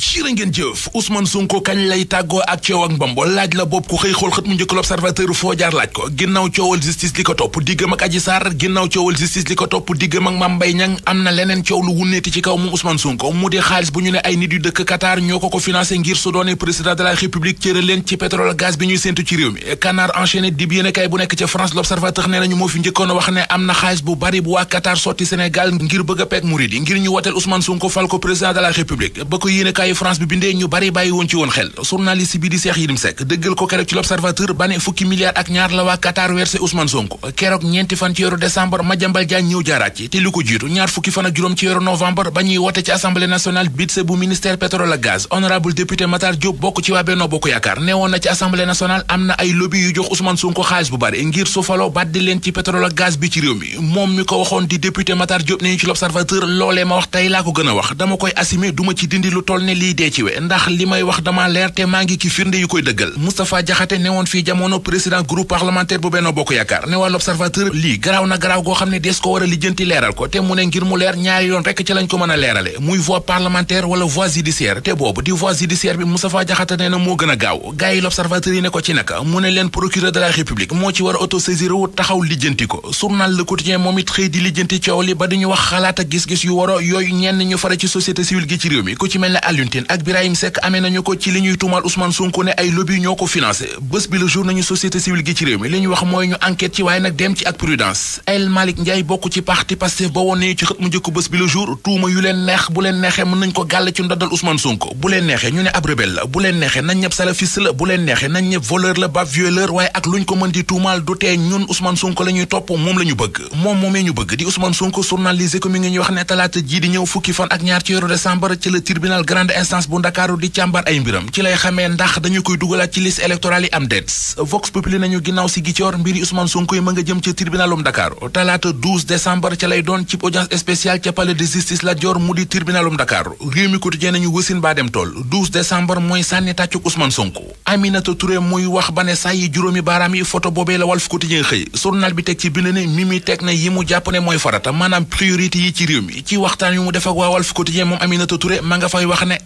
jiirë ngeen jëf Ousmane Sonko kañ lay tàggoo ak coow ak mbombo laaj la boobu ku xëy xool xët mu njëkk l'observateur foo laaj ko ginnaaw coowal justice li ko topp diggam ak Adji Sarr ginnaaw coowal justice li ko topp diggam ak Mame Mbaye am na leneen coow lu wunneeti ci kaw moom Ousmane Sonko mu di xaalis bu ñu ne ay nit yu dëkk Qatar ñoo ko ko financé ngir su président de la République cëral leen ci pétrole gaz bi ñuy séntu ci réew mi Canard enchaîné yi France bi bindee ñu bari bàyyi woon ci woon xel journaliste bi di Cheikh Yérim Seck dëggal ko keroog ci l'Observateur ba ne fukki milliards ak ñaar la waa Qatar versé Ousmane Sonko keroog ñeenti fan ci weeru décembre Madiambal Diagne ñëw jaaraat ci te lu ko jiitu ñaar fukki fan ak juróom ci weeru novembre ba ñuy wote ci assemblée nationale budget bu ministère pétrole ak gaz honorable député Matar Diop bokk ci waa Benno Bokk Yaakaar neewoon na ci assemblée nationale lii dee ci we ndax li may wax dama leer te maa ngi ci firnde yu koy dëggal Moustapha Diakhaté woon fii jamono président groupe parlementaire bu Benno Bokk Yaakaar ne waa l'Observateur lii garaaw na garaaw goo xam ne des ko war a lijjanti leeral ko te mu ne ngir mu leer ñaari yoon rekk ci lañ ko mën a leerale muy voie parlementaire wala voie judiciaire te boobu di voie judiciaire bi Moustapha Diakhaté ne na moo gën gaaw gars yi l'Observateur yi ne ko ci naka mu ne leen procureur de la République moo ci war a autosaisir wu taxaw lijjanti ko journal Le moom it xëy di lijjanti coow li ba diñu wax xalaat ak gis-gis yooyu ñenn ñu fare ci société civile gi ci réew mi ku ci Alioune ak Birahim Seck amee nañu ko ci li ñuy tuumaal Ousmane Sonko ne ay lobby ñoo ko financé bés bi le jour nañu société civile gi ci réew ñu wax mooy ñu enquête ci waaye nag dem ak prudence ci parti Pastef ba ci la bu leen neexee nañ ñëpp salafiste la bu leen neexee nañ ñëpp voleur la ba violeur waaye ak luñ ko mën di tuumaal du tee ñun Ousmane Sonko la ñuy topp moom la ñu bëgg moom moomee ñu bëgg di grande instance bu nañu ginnaaw si Ziguinchor mbiri Ousmane Sonko yi ma nga jëm ca tribunalum Dakar talaata 12 ca lay doon ci audience spéciale ca palais de justice Lat Dior mu di tribunalum Dakar réew mi quotidien nañu wësin baa dem tool 12 mooy sànni tàccuk Ousmane Sonko Aminata Touré muy wax ba ne saa juróomi baaraam yi photo boobee la Walf quotidien xëy journal bi teg ci bind ne Mimi teg na yi mu jàpp ne mooy farata maanaam priorité yi ci réew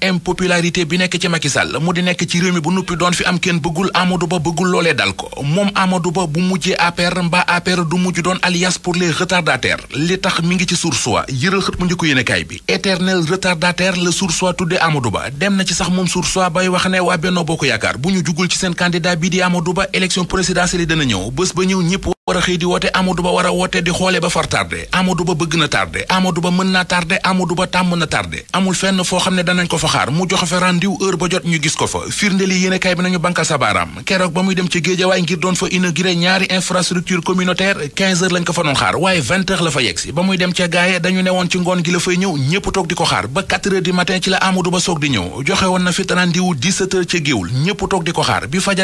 impopularité bi nekk ci Macky Sall mu di nekk ci réew mi bu nuppi doon fi am kenn bëggul Amadou Ba bëggul loolee dal ko moom amadu Ba bu mujjee APR mbaa APR du mujj doon alliance pour les retardataires li tax mu ngi ci Source A yëral xët mu njëkk yéenekaay bi éternel retardataire la Source A tuddee Amadou Ba dem na ci sax moom Source A bay wax ne waa Benno Bokk Yaakaar bu ñu jugul ci seen candidat bi di Amadou Ba élection présidentielle dana ñëw bés ba ñëw ñëpp war a xëy di woote Amadou Ba war a woote di xoole ba far tardé Amadou Ba bëgg na tardé Amadou Ba mën naa tardé Amadou Ba tàmm na tardé amul fenn foo xam ne danañ ko fa xaar mu joxe fa rendez-vous heure ba jot ñu gis ko fa firndeli yéene kay bi nañu banka sabaaraam keroog ba muy dem ci Géejawaay ngir doon fa inauguré ñaari infrastructure communautaire 15 heures lañ ko fa doon xaar waaye la fa yegsi ba muy dem ca gaaye dañu newoon ci ngoon gi la fay ñëw ñëpp toog ko xaar ba 4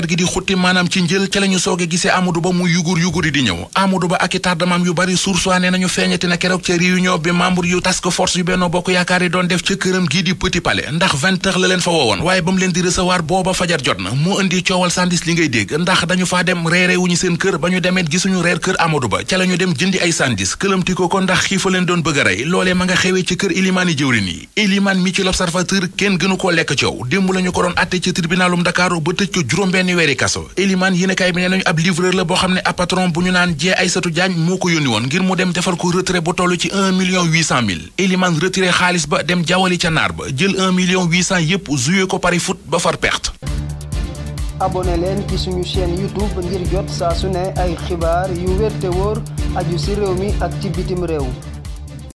gi di maanaam ci njël ca la ñu sooge gisee Amadou Ba mu bi di ñëw Amadou Ba ak i tardemam yu bari sursoi ne nañu feeñati na keroog ca réunion bi membre yu task force yu Benno Bokk Yaakaar yi doon def ca këram gii di Petit Palais ndax vingt la leen fa woowoon waaye ba mu leen di recevoir booba fajar jot na mu indi coowal sandis li ngay dégg ndax dañu faa dem reere wuñu seen kër ba ñu demet gisuñu reer kër Amadou Ba ca la dem jëndi ay sandis këlamti ko ko ndax xiifa leen doon bëgg rey loolee ma nga xewee bu ñu naan jee Aysatu Jaañ moo ko yónni woon ngir mu dem defar ko retrait bu toll ci un million huit cent mille Eliman retrait xaalis ba dem jawali ca naar ba jël un million huit cent yépp joué ko pari foot ba far perte abonné leen ci suñu seen youtube ngir jot saa su ne ay xibaar yu wér te wóor aju ci réew mi ak ci bitim réew